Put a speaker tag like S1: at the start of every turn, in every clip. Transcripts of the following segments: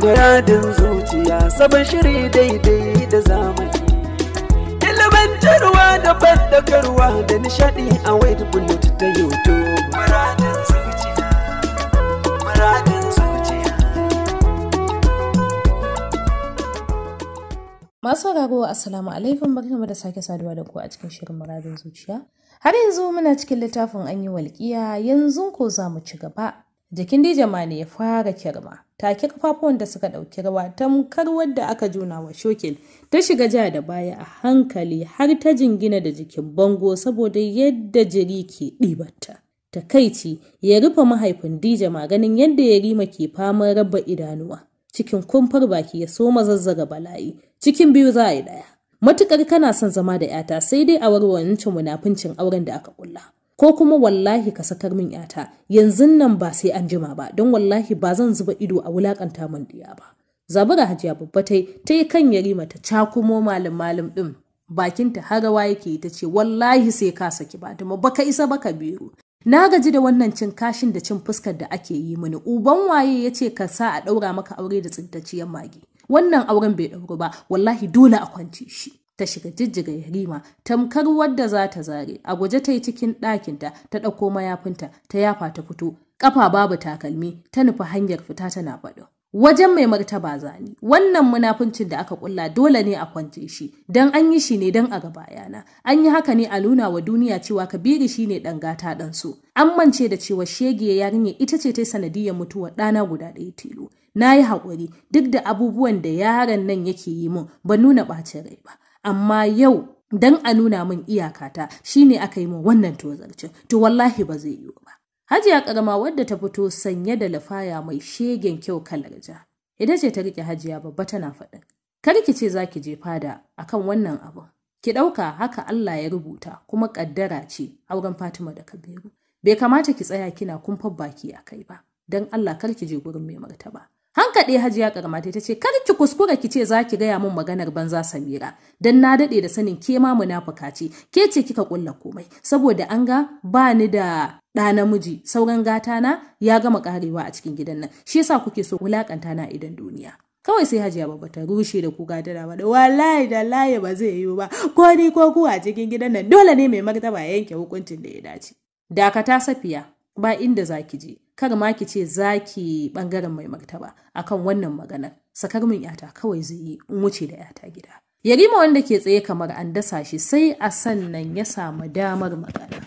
S1: Muradin zuciya sabon shiri daidai da zamani. Ilimantarwa da bandagarwa da nishadi a wade bullet ta YouTube. Muradin zuciya, muradin zuciya. Masu rago Assalamu alaikum barkamu da sake saduwa da ku a cikin shirin muradin zuciya. Har yanzu muna cikin littafin an yi walƙiya yanzu ko za mu ci gaba. Jikin Dijama ne ya fara kirma. take kafafuwan da suka ɗauki rawa tamkar wadda aka juna wa shokin ta shiga ja da baya a hankali har ta jingina da jikin bango saboda yadda jiri ke ɗibarta. Takaici ya rufe mahaifin Dija maganin yadda ya rima ke fama raba idanuwa. Cikin kumfar baki ya soma zazzaga bala'i, cikin biyu za a yi ɗaya. Matukar kana son zama da ‘yata sai dai a warware munafincin auren da aka kulla. ko kuma wallahi ka sakar min yata yanzu nan ba sai an jima ba don wallahi ba zan zuba ido a wulakanta man diya ba zabura hajiya babba ta ta yi kan yarima ta cakumo malam malam din bakinta harawa yake ta ce wallahi sai ka saki ba ba baka isa baka biyu na gaji da wannan cin kashin da cin fuskar da ake yi mini uban waye ya ce ka sa a ɗaura maka aure da tsintacciyar mage wannan auren bai ɗauru ba wallahi dole a kwance shi ta shiga jijjiga yarima tamkar wadda za ta zare a guje ta yi cikin ɗakinta ta ɗauko mayafinta ta yafa ta fito ƙafa babu takalmi ta nufi hanyar fita tana faɗo. Wajen mai martaba zani, wannan munafuncin da aka kulla dole ne a kwance shi, don an yi shi ne don a ga bayana. An yi haka ne a nuna wa duniya cewa Kabiru shi ne ɗan gata ɗan so. An mance da cewa shege ya yarinya ita ce ta sanadiyar mutuwar ɗana guda ɗaya tilo. Na yi haƙuri duk da abubuwan da yaron nan yake yi min ba nuna ɓacin rai ba. amma yau dan a nuna min iyakata shine aka yi min wannan tozarcin to wallahi ba zai yiwu ba hajiya karama wadda ta fito sanye da lafaya mai shegen kyau kalar ja ita ce ta rike hajiya babba tana faɗin kar ki ce za ki je fada akan wannan abu ki ɗauka haka Allah ya rubuta kuma ƙaddara ce auren Fatima da Kabiru bai kamata ki tsaya kina kumfar baki a kai ba dan Allah kar ki je gurin mai martaba Hankaɗe Hajiya Karmate ta ce kar ki kuskura ki ce za ki gaya mun maganar banza Samira dan na daɗe da sanin ke ma munafuka ce ke ce kika kulla komai saboda an ga ba ni da ɗa namiji sauran gata na ya gama ƙarewa a cikin gidan nan shi yasa kuke so wulakanta na idan duniya. kawai sai hajiya babba ta rushe da kuka tana da wallahi da laye ba zai yiwu ba ko ni ko ku a cikin gidan nan dole ne mai martaba yanke hukuncin da ya dace dakata safiya ba inda zaki je kar ma ki ce za ki ɓangaren mai martaba akan wannan maganar sakar min yata kawai zai yi in wuce da yata gida yarima wanda ke tsaye kamar an dasa shi sai a sannan ya samu damar magana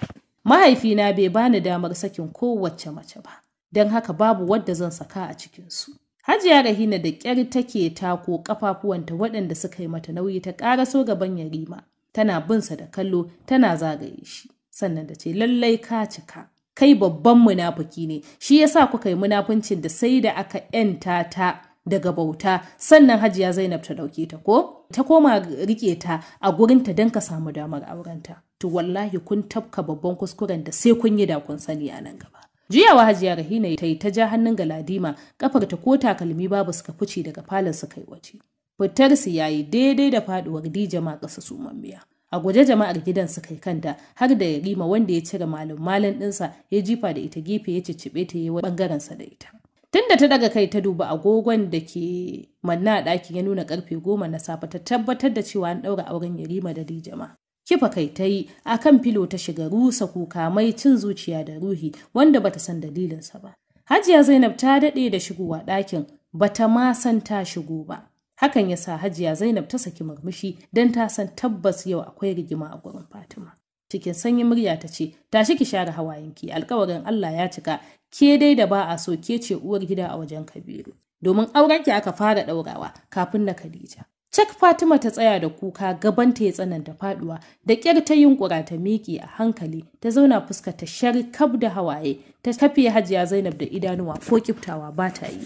S1: mahaifina bai bani damar sakin kowace mace ba don haka babu wadda zan saka a cikinsu hajiya rahina da ƙyar take tako ƙafafuwanta waɗanda suka yi mata nauyi ta ƙaraso gaban yarima tana binsa da kallo tana zagaye shi sannan da ce lallai ka cika kai babban munafuki ne shi yasa kuka yi munafuncin da sai da aka yanta ta daga bauta sannan hajiya zainab ta dauke ta ko ta koma rike ta a gurinta don ka samu damar aurenta to wallahi kun tafka babban kuskuren da sai kun yi da kun sani a nan gaba Jiyawa Hajiya Rahina ta yi ta ja hannun Galadima, kafar ta ko takalmi babu suka fice daga falon su kai waje. Fitar su yayi daidai da faduwar Dija ma ƙasa sumammiya. a guje jama'ar gidan su kai kanta har da yarima wanda ya cire malam malam ɗinsa ya jifa da ita gefe ya ciccibe ta yi bangaren sa da ita tunda ta daga kai ta duba agogon da ke manna a ɗakin ya nuna karfe goma na safe ta tabbatar da cewa an ɗaura auren yarima da rijama kifa kai ta yi a kan filo ta shiga rusa kuka mai cin zuciya da ruhi wanda bata san dalilinsa ba hajiya zainab ta daɗe da shigowa ɗakin bata ma san ta shigo ba Hakan ya sa Hajiya Zainab ta saki murmushi don ta san tabbas yau akwai rigima a gurin Fatima. Cikin sanyin murya ta ce, tashi ki share hawayenki, alkawarin Allah ya cika, ke dai da ba a so ke ce uwar gida a wajen Kabiru. Domin aurenki aka fara ɗaurawa kafin na Khadija. Cak Fatima ta tsaya da kuka gaban gabanta ya tsananta faduwa da ƙyar ta yunkura ta miƙe a hankali ta zauna fuska ta shar kab da hawaye ta kafe Hajiya Zainab da idanuwa ko kiftawa ba ta yi.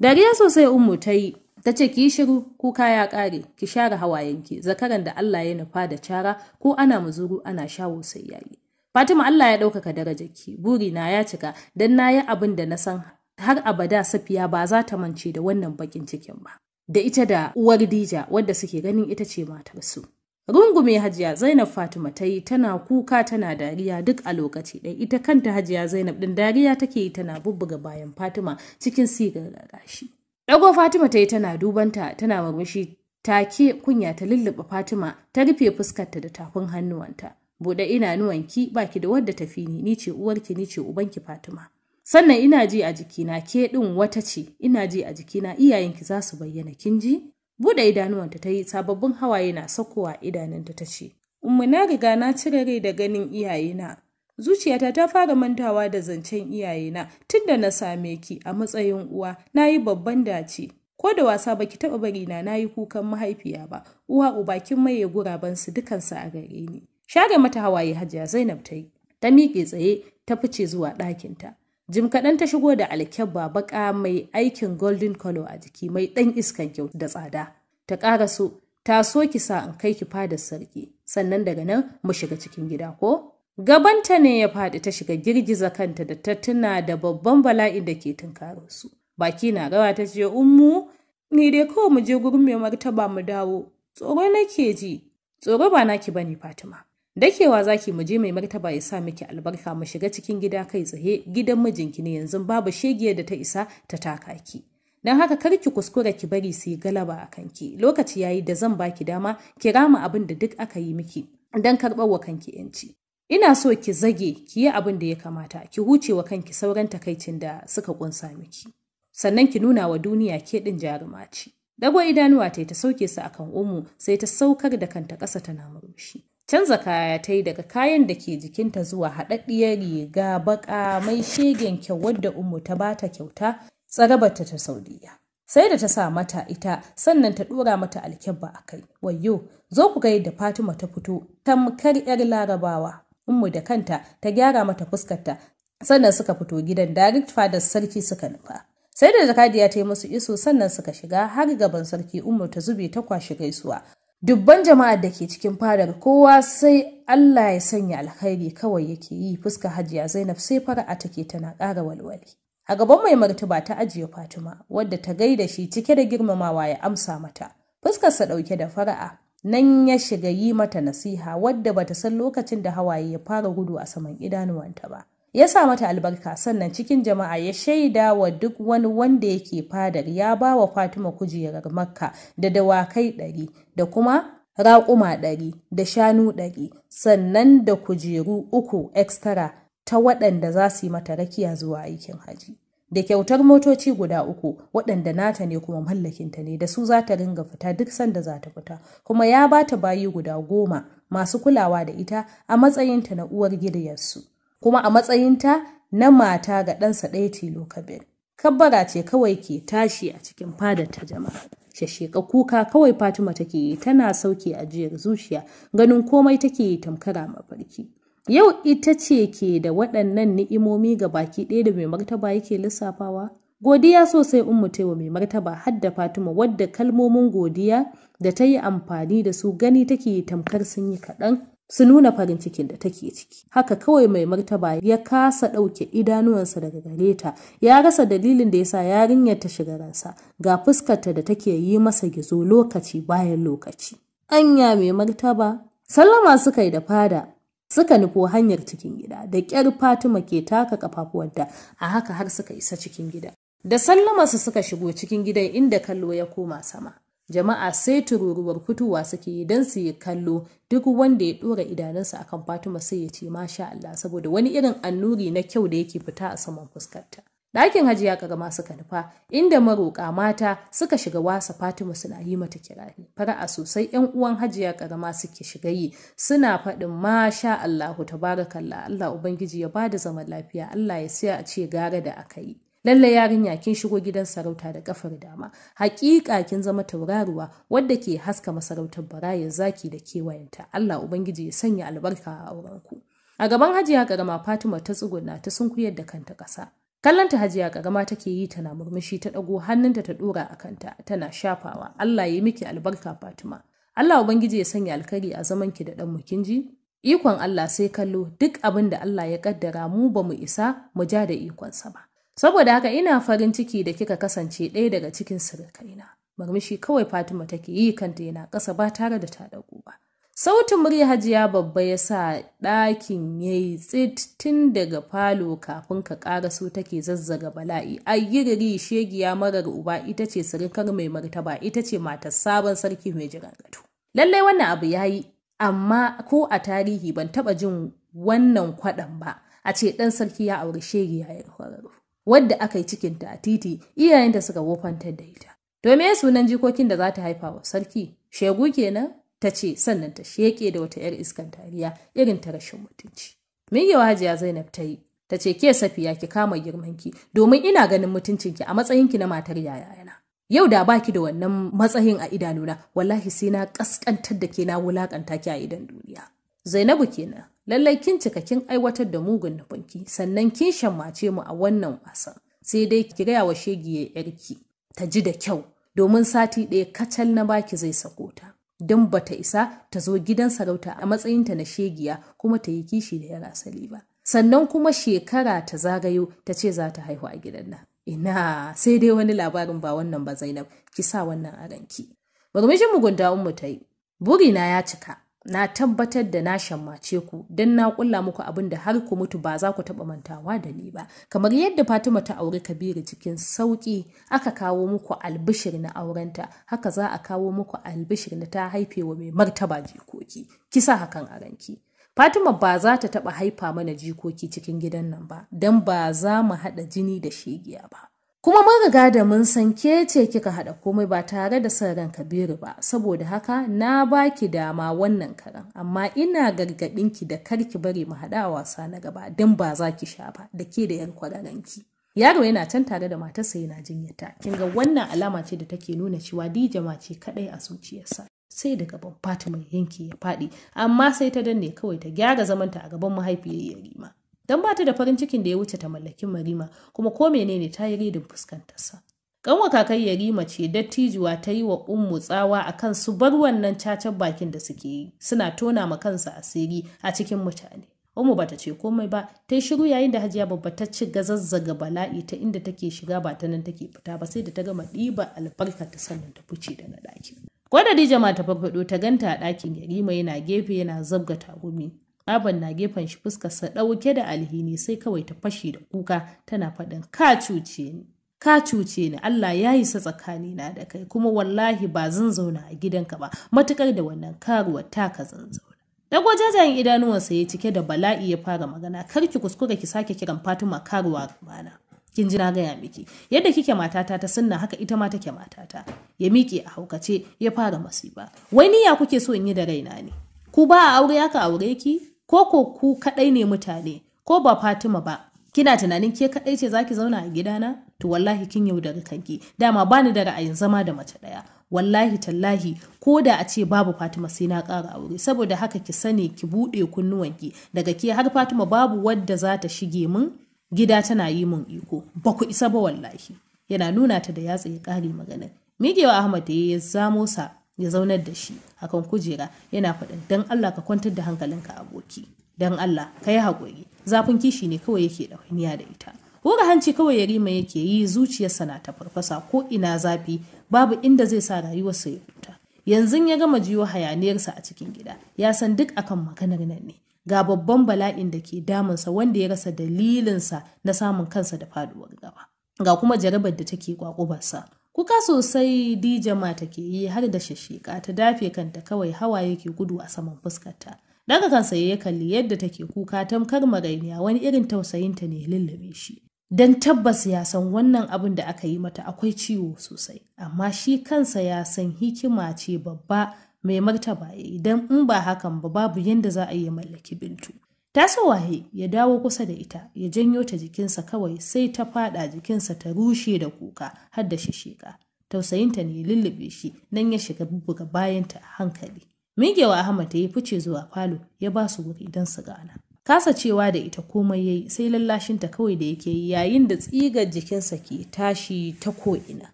S1: Dariya sosai Ummu ta yi ta ce ki yi shiru kuka ya ƙare ki share hawayenki zakaran da Allah ya nufa da cara ko ana muzuru ana shawo sai yayi Fatima Allah ya ɗaukaka darajarki buri na ya cika dan na yi abin da na san har abada safiya ba za ta mance da wannan bakin cikin ba da ita da uwar Dija wadda suke ganin ita ce matar su. Rungume Hajiya Zainab Fatima ta yi tana kuka tana dariya duk a lokaci ɗaya ita kanta Hajiya Zainab ɗin dariya take yi tana bubbuga bayan Fatima cikin sigar gashi. ɗago Fatima ta yi tana dubanta tana murmushi Ta ke, kunya ta lulluɓe Fatima ta rufe fuskarta da tafin hannuwanta. Buɗe ki baki da wadda tafi ni ni ce uwarki ni ce ubanki Fatima. Sannan ina ji a jikina ke ɗin wata ce ina ji a jikina iyayenki za su bayyana kin ji? Buɗe idanuwanta ta yi sababbin hawaye na sakowa idanunta ta ce. Umma na riga na cire rai da ganin iyayena Zuciyata ta fara mantawa da zancen iyayena tunda na same ki a matsayin uwa, na yi babban dace. Ko da wasa baki taɓa bari na na yi kukan mahaifiya ba, uwa uba kin maye dukan su a gare ni. Share mata hawaye hajiya Zainab ta yi, ta miƙe tsaye ta fice zuwa ɗakin ta Jim kaɗan ta shigo da alkyar babaka mai aikin golden color a jiki mai ɗan iskan kyau da tsada. Ta ƙara so, ta so ki sa in kai ki fadar sarki, sannan daga nan mu shiga cikin gida ko? Gabanta ne ya faɗi ta shiga girgiza kanta da ta tuna da babban bala'in da ke tunkaro su. Baki na rawa ta ce, Ummu, ni dai kawai mu je gurin mai martaba mu dawo. Tsoro nake ji, tsoro ba naki bane Fatima. Dakewa zaki mu je mai martaba ya sa miki albarka mu shiga cikin gida kai tsaye gidan mijinki ne yanzu babu shegiyar da ta isa ta taka ki. dan haka kar ki kuskura ki bari su yi galaba a kanki lokaci yayi da zan baki dama kirama abin da duk aka yi miki don karɓar wa kanki yanci Ina so ki zage ki yi abin da ya kamata, ki huce wa kanki sauran takaicin da suka kunsa miki. Sannan ki nuna wa duniya ke din jaruma ce. Dago idanuwa ta ta sauke su a kan umu sai ta saukar da kanta ƙasa tana murmushi. Canza kaya ta yi daga kayan da ke jikinta zuwa haɗaɗɗiyar riga baƙa mai shegen kyau wadda umu ta ba ta kyauta tsarabarta ta Saudiya. sai da ta sa mata ita sannan ta ɗora mata alkyabba a kai Wayyo, zo ku ga yadda fatima ta fito tamkar yar larabawa ummu da kanta ta gyara mata fuskarta sannan suka fito gidan direct fadar sarki suka nufa sai da jakadiya ta yi musu iso sannan suka shiga har gaban sarki ummu ta zube ta kwashi gaisuwa dubban jama'ar da ke cikin fadar kowa sai Allah ya sanya alkhairi kawai yake yi fuska hajiya Zainab sai fara'a take tana ƙara walwali a gaban mai martaba ta ajiye Fatima wadda ta gaida shi cike da girmamawa ya amsa mata fuskarsa ɗauke da fara'a nan ya shiga yi mata nasiha wadda bata san lokacin da hawaye ya fara gudu a saman idanuwanta ba ya sa mata albarka sannan cikin jama'a ya shaida wa duk wani wanda yake fadar ya ba wa fatima kujerar makka da dawakai ɗari da kuma raƙuma ɗari da shanu ɗari sannan da kujeru uku extra ta waɗanda za su yi mata rakiya zuwa aikin haji da kyautar motoci guda uku waɗanda nata ne kuma mallakinta ne da su za ta ringa fita duk sanda za ta fita kuma ya ba ta bayi guda goma masu kulawa da ita a matsayinta na uwar giryarsu kuma a matsayinta na mata ga ɗansa ɗaya tilo kabir kabbara ce kawai ke tashi a cikin fadar ta jama'a shasheka kuka kawai fatima take yi tana sauke ajiyar zuciya ganin komai take yi tamkara mafarki Yau ita ce ke da waɗannan ni'imomi ga baki ɗaya da mai martaba yake lissafawa? Godiya sosai in Ummu Taiwa mai martaba har da Fatima wadda kalmomin godiya da ta yi amfani da su gani take tamkar sun yi kaɗan su nuna farin cikin da take ciki. Haka kawai mai martaba ya kasa ɗauke idanuwansa daga gare ta, ya rasa dalilin da ya sa yarinyar ta shiga ransa ga fuskarta da take yi masa gizo lokaci bayan lokaci. Anya mai martaba, sallama suka yi da fada, suka nufo hanyar cikin gida da ƙyar fatima ke taka kafafuwanta a haka har suka isa cikin gida da su suka shigo cikin gidan inda kallo ya koma sama jama'a sai tururuwar fitowa suke yi don su yi kallo duk wanda ya dora idanunsa akan fatima sai ya ce masha Allah saboda wani irin annuri na kyau da yake fita a saman fuskarta Ɗakin hajiya karama suka nufa inda maroƙa mata suka shiga wasa Fatima suna yi mata kirari. Fara'a sosai ‘yan uwan hajiya masu suke shiga yi suna faɗin masha Allahu tabarakallah Allah Ubangiji ya ba da zaman lafiya Allah ya siya a ce gara da aka yi. Lallai yarinya kin shigo gidan sarauta da kafar dama, hakika kin zama tauraruwa wadda ke haska masarautar barayin zaki da kewayenta. Allah Ubangiji ya sanya albarka a aurenku. A gaban hajiya karama Fatima ta tsuguna ta sunkuyar da kanta ƙasa. kallanta hajiya ƙarama take yi tana murmushi ta ɗago hannunta ta ɗora a kanta tana shafawa allah ya yi miki albarka fatima allah ubangiji ya sanya alkari a zaman ki da ɗan kin ji ikon allah sai kallo duk abin da allah ya kaddara mu ba mu isa mu ja da ikonsa ba saboda haka ina farin ciki da kika kasance ɗaya daga cikin surukaina murmushi kawai fatima take yi kanta yana ƙasa ba tare da ta ɗago ba Sautin murya hajiya babba ya sa ɗakin ya yi tsit daga falo kafin ka ƙara su take zazzaga bala'i. Ayyiriri shegiya marar uba ita ce sirikar mai martaba ita ce matar sabon sarki mai jiran gado. Lallai wannan abu ya yi, amma ko a tarihi ban taɓa jin wannan kwaɗan ba. A ce ɗan sarki ya auri shegiya ya kwararo. Wadda aka yi cikinta a titi, iyayenta suka wofantar da ita. To me sunan jikokin da za ta haifa wa sarki? Shegu kenan? ta ce sannan ta sheƙe da wata 'yar iskan tariya irin ta rashin mutunci. yi hajiya Zainab ta yi, ta ce ke safiya ki kama girmanki domin ina ganin mutuncinki a matsayinki na matar yayana. Yau da baki da wannan matsayin a idanuna, wallahi sai na ƙasƙantar da ke na wulakanta ki a idan duniya. Zainabu kenan, lallai kin cika kin aiwatar da mugun nufinki, sannan kin shammace mu a wannan wasan. Sai dai ki gaya wa shegiye yarki, ta ji da kyau, domin sati ɗaya kacal na baki zai sako ta. don bata isa ta zo gidan sarauta a matsayinta na shegiya kuma ta yi kishi da yar asali ba. Sannan kuma shekara ta zagayo ta ce za ta haihu a gidan nan. Ina sai dai wani labarin ba wannan ba Zainab, ki sa wannan a ranki. Murmushin mugunta mu ta yi, burina ya cika, na tabbatar da na shammace ku don na kulla muku abin da har ku mutu ba za ku taɓa mantawa da ni ba kamar yadda fatima ta auri kabiru cikin sauƙi aka kawo muku albishir na aurenta haka za a kawo muku albishir na ta haifewa mai martaba jikoki kisa hakan a ranki Fatima ba za ta taɓa haifa mana jikoki cikin gidan nan ba, don ba za mu haɗa jini da shegiya ba. kuma mun riga da mun san ke ce kika haɗa komai ba tare da son ran kabiru ba saboda haka na baki dama wannan karan amma ina ki da karki bari mu haɗa wasa na gaba don ba za ki sha ba da ke da yar kwararanki yaro yana can tare da matarsa yana jinyata kin ga wannan alama ce da take nuna cewa dijama ce kaɗai a zuciyarsa sai daga ban fatima yanki ya faɗi amma sai ta danne kawai ta gyara zamanta a gaban mahaifiyar yarima don ba ta da farin cikin da ya wuce ta mallaki marima kuma ko menene ta yi ridin fuskantarsa kanwa kakar yarima ce dattijuwa ta yi wa ummu tsawa a kan su bar wannan cacar bakin da suke yi suna tona ma kansa asiri a cikin mutane ba bata ce komai ba, ta yi shiru yayin da Hajiya babba ta ci gazazzaga bala'i ta inda take shiga ba ta nan take fita ba sai da ta gama ɗiba albarka ta sannan ta fice daga ɗakin. Ko da Dija ma ta farfaɗo ta ganta a ɗakin Yarima yana gefe yana zabga tagumi. Aban na gefen shi fuskar sa ɗauke da alhini sai kawai ta fashe da kuka tana faɗin ka cuce ni. Ka cuce ni Allah ya yi sa tsakani na da kai kuma wallahi ba zan zauna a gidanka ba matukar da wannan karuwar taka zan zauna. Dago jajayen idanuwansa ya cike da bala'i ya fara magana kar ki kuskura ki sake kiran Fatima karuwa gabana. kin ji na gaya miki yadda kike matata ta sunna haka ita ma take matata ya miƙe a haukace ya fara masiba. wai ya kuke so in yi da raina ne ku ba a aure haka aure ki ko ko ku kaɗai ne mutane ko ba Fatima ba kina tunanin ke kaɗai ce zaki zauna a gidana to wallahi kin yaudari kanki dama bani da ra'ayin zama da mace ɗaya wallahi tallahi ko da a ce babu Fatima sai na ƙara aure saboda haka ki sani ki buɗe kunnuwanki daga ke har Fatima babu wadda za ta shige min gida tana yi min iko ba ku isa ba wallahi yana nuna ta da yatsa ya ƙare magana migewa Ahmad da ya zamo sa ya zaunar da shi akan kujera yana faɗin dan Allah ka kwantar da hankalinka aboki dan Allah ka yi haƙuri zafin kishi ne kawai yake ɗawainiya da ita hura hanci kawai yarima yake yi zuciyarsa na ta farfasa ko ina zafi babu inda zai sa rayuwarsa ya huta yanzu ya gama jiyo hayaniyarsa a cikin gida ya san duk akan maganar nan ne ga babban bala'in da ke damunsa wanda ya rasa dalilinsa na samun kansa da faduwar gaba ga kuma jarabar da take kwakubarsa Kuka sosai Dijama ke yi har da shashika ta dafe kanta kawai hawa yake gudu a saman fuskarta. Daga kansa ya kalli yadda take kuka tamkar magainiya wani irin tausayin ta ne lullube shi. Dan tabbas ya san wannan abin da aka yi mata akwai ciwo sosai, amma shi kansa ya san hikima ce babba mai martaba idan in ba hakan ba babu yadda za a yi mallaki Bintu. Ta waye ya dawo kusa da ita, ya janyo ta jikinsa kawai sai ta fada jikinsa ta rushe da kuka har da shishika. Tausayinta ne lullube shi, nan ya shiga bubbuga bayanta a hankali. Migewa Ahmad ya yi fice zuwa falo, ya ba su wuri don su gana. Kasa cewa da ita komai yayi sai lallashinta kawai da yake yi yayin da tsigar jikinsa ke tashi ta ko'ina.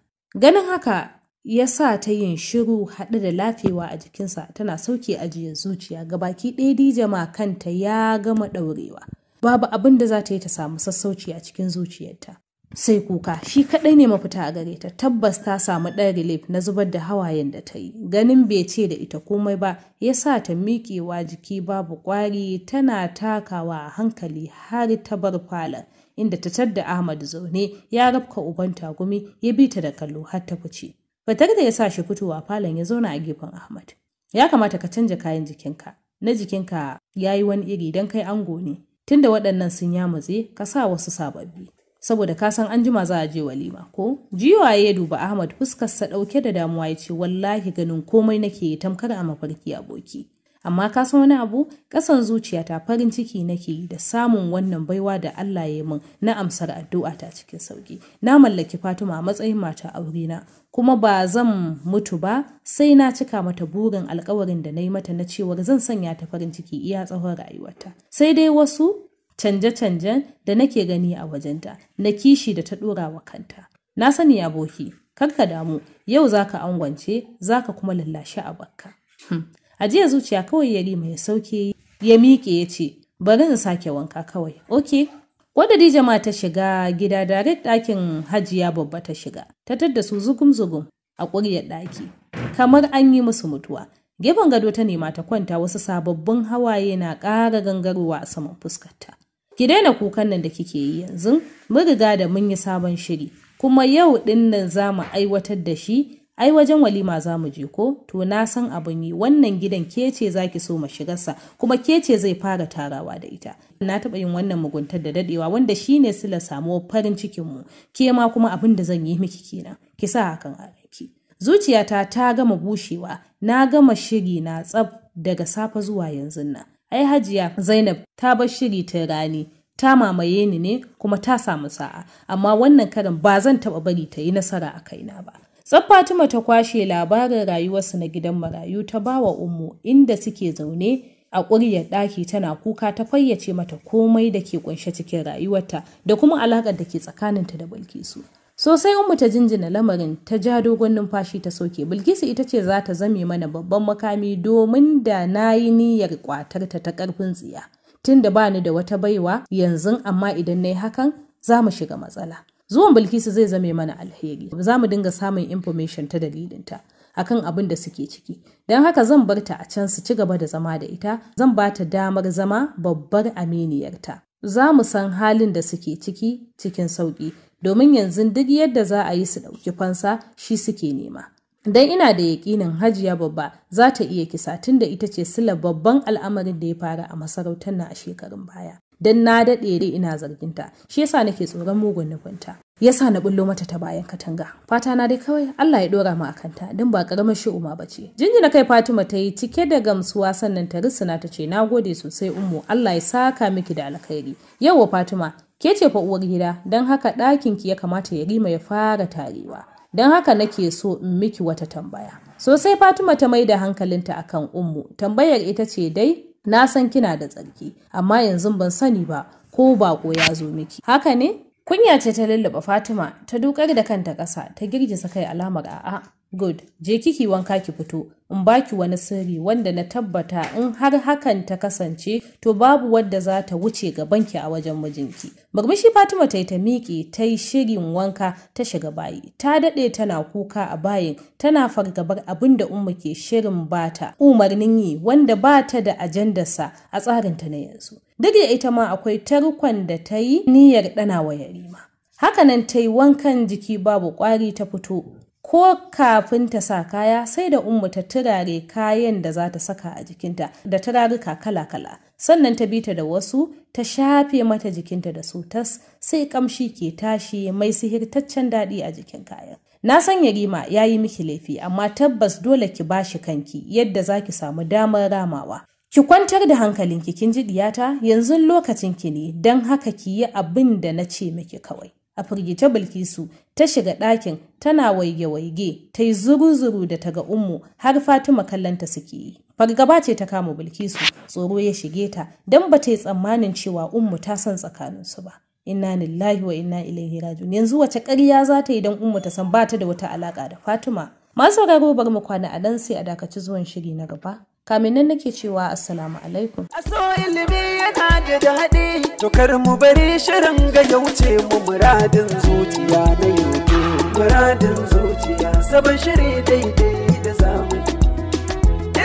S1: Ganin haka ya sa ta yin shiru haɗe da lafewa a jikinsa tana sauke ajiye zuciya ga baki ɗaya dijama kanta ya gama ɗaurewa babu abin da za ta yi ta samu sassauci a cikin zuciyarta sai kuka shi kaɗai ne mafita a gare ta tabbas ta samu ɗan relief na zubar da hawayen da ta yi ganin bai ce da ita komai ba ya sa ta miƙewa jiki babu ƙwari tana takawa a hankali har ta bar falon inda ta tadda ahmad zaune ya rabka uban tagumi ya bi ta da kallo har ta fice Fitar da ya sa shi fitowa falon ya zauna a gefen Ahmad. Ya kamata ka canja kayan jikinka. Na jikinka ya yi wani iri don kai ango ne. Tunda waɗannan sun yamutse, ka sa wasu sababbi. Saboda ka san an jima za a je walima, ko? Jiwaye ya duba Ahmad fuskarsa ɗauke da damuwa ya ce wallahi ganin komai nake tamkar a mafarki aboki. amma ka san wani abu ƙasan zuciyata farin ciki nake yi da samun wannan baiwa da Allah ya min na amsar addu'a ta cikin sauki na mallaki Fatima a matsayin mata aurena. na kuma ba zan mutu ba sai na cika mata burin alkawarin da na yi mata na cewar zan sanya ta farin ciki iya tsawon rayuwarta sai dai wasu canje-canjen da nake gani a wajenta na kishi da ta ɗora wa kanta na sani aboki kar ka damu yau zaka angwance zaka kuma lallashi a bakka hmm. a jiya zuciya kawai yari ya sauke ya miƙe ya ce bari in sake wanka kawai okay Ko jama'a Dijama ta shiga gida direct ɗakin Hajiya babba ta shiga, ta tadda su zugum-zugum a ƙuryar ɗaki, kamar an yi musu mutuwa. Gefen gado ta nema ta kwanta wasu sababbin hawaye na ƙara gangarowa a saman fuskarta. Ki daina kukan nan da kike yi yanzu, mun riga da mun yi sabon shiri, kuma yau ɗin nan za mu aiwatar da shi ai wajen walima za mu je ko to na san abin yi wannan gidan ke ce za ki so mu shigarsa kuma ke ce zai fara tarawa da ita na taɓa yin wannan muguntar da dadewa wanda shine sila samuwar farin cikin mu ke ma kuma abin da zan yi miki kenan ki sa hakan a ranki zuciyata ta gama bushewa na gama shiri na tsab daga safe zuwa yanzu nan ai hajiya zainab ta bar shiri ta rani ta mamaye ni ne kuma ta samu sa'a amma wannan karin ba zan taɓa bari ta yi nasara a kaina ba tsaffatima ta kwashe labarin rayuwarsu na gidan marayu ta bawa umu inda suke zaune a ƙuryar ɗaki tana kuka ta fayyace mata komai da ke ƙunshe cikin rayuwarta da kuma alaƙar da ke tsakaninta da Bilkisu. Sosai Ummu ta jinjina lamarin ta ja dogon numfashi ta soke Bilkisu ita ce za ta zame mana babban makami domin da na yi niyyar ƙwatarta ta ƙarfin tsiya. Tunda bani da wata baiwa yanzu amma idan na yi hakan za mu shiga matsala. zuwan bilkisu zai zame mana alheri za mu dinga samun information ta dalilinta akan abin da suke ciki don haka zan bar ta a can su ci gaba da zama da ita zan ba ta damar zama babbar aminiyarta za mu san halin da suke ciki cikin sauƙi domin yanzu duk yadda za a yi su ɗauki fansa shi suke nema dan ina da yaƙinin hajiya babba za ta iya kisa tunda ita ce sila babban al'amarin da ya faru a masarautar na a shekarun baya dan na daɗe dai ina zarginta shi yasa nake tsoron mugun nufinta yasa na bullo mata ta bayan katanga fata na dai kawai Allah ya dora mu akan ta dan ba karamar shi'uma bace jinjina kai Fatima ta yi cike da gamsuwa sannan ta risina ta ce gode sosai ummu Allah ya saka miki da alkhairi wa Fatima ke ce fa uwar gida dan haka ɗakin ki ya kamata ya rima ya fara tarewa Don haka nake so in miki wata tambaya sosai Fatima ta mai da hankalinta akan ummu tambayar ita ce dai na san kina da tsarki amma yanzu ban sani ba ko bako ya zo miki haka ne kunya ce ta lullaba fatima ta dukar da kanta ƙasa ta girgiza kai alamar a'a Good, je kiki wanka ki fito, in baki wani sirri wanda na tabbata in har hakan ta kasance to babu wadda za ta wuce gabanki a wajen mijinki. Murmushi Fatima ta yi ta miƙe ta yi shirin wanka ta shiga bayi, ta daɗe tana kuka a bayin tana fargabar abin da Umma ke shirin bata umarnin yi wanda ba ta da ajandarsa a tsarinta na yanzu. Duk ita ma akwai tarkon da ta yi niyyar ɗana wa yarima. Hakanan ta yi wankan jiki babu ƙwari ta fito ko kafin ta sa kaya sai da ummu ta turare kayan da za ta saka a jikinta da turaruka kala-kala sannan ta bi ta da wasu ta shafe mata jikinta da su tas sai kamshi ke tashi mai sihirtaccen daɗi a jikin kayan na san yarima ya yi miki laifi amma tabbas dole ki ba shi kanki yadda za ki samu damar ramawa Ki kwantar da hankalinki kin ji diyata yanzu lokacinki ne don haka ki yi abin da na ce miki kawai. A firgice Bilkisu ta shiga ɗakin tana waige-waige ta yi zuru-zuru da ta ga Ummu har Fatima kallanta suke yi. Fargaba ce ta kama Bilkisu tsoro ya shige ta don ba ta yi tsammanin cewa Ummu ta san tsakaninsu ba. Inna lillahi wa inna ilaihi raji'un. Yanzu wace ƙarya za ta yi don Ummu ta san ba ta da wata alaƙa da Fatima. Masu sauraro bar mu kwana a nan sai a dakaci zuwan shiri na gaba. kamin nake cewa assalamu alaikum aso ilimi yana da daɗi to kar mu bari shirin ga yauce mu muradin zuciya da yauce muradin zuciya sabon shiri daidai da zamani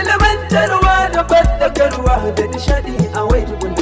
S1: ilimantarwa da fadakarwa da nishadi a wai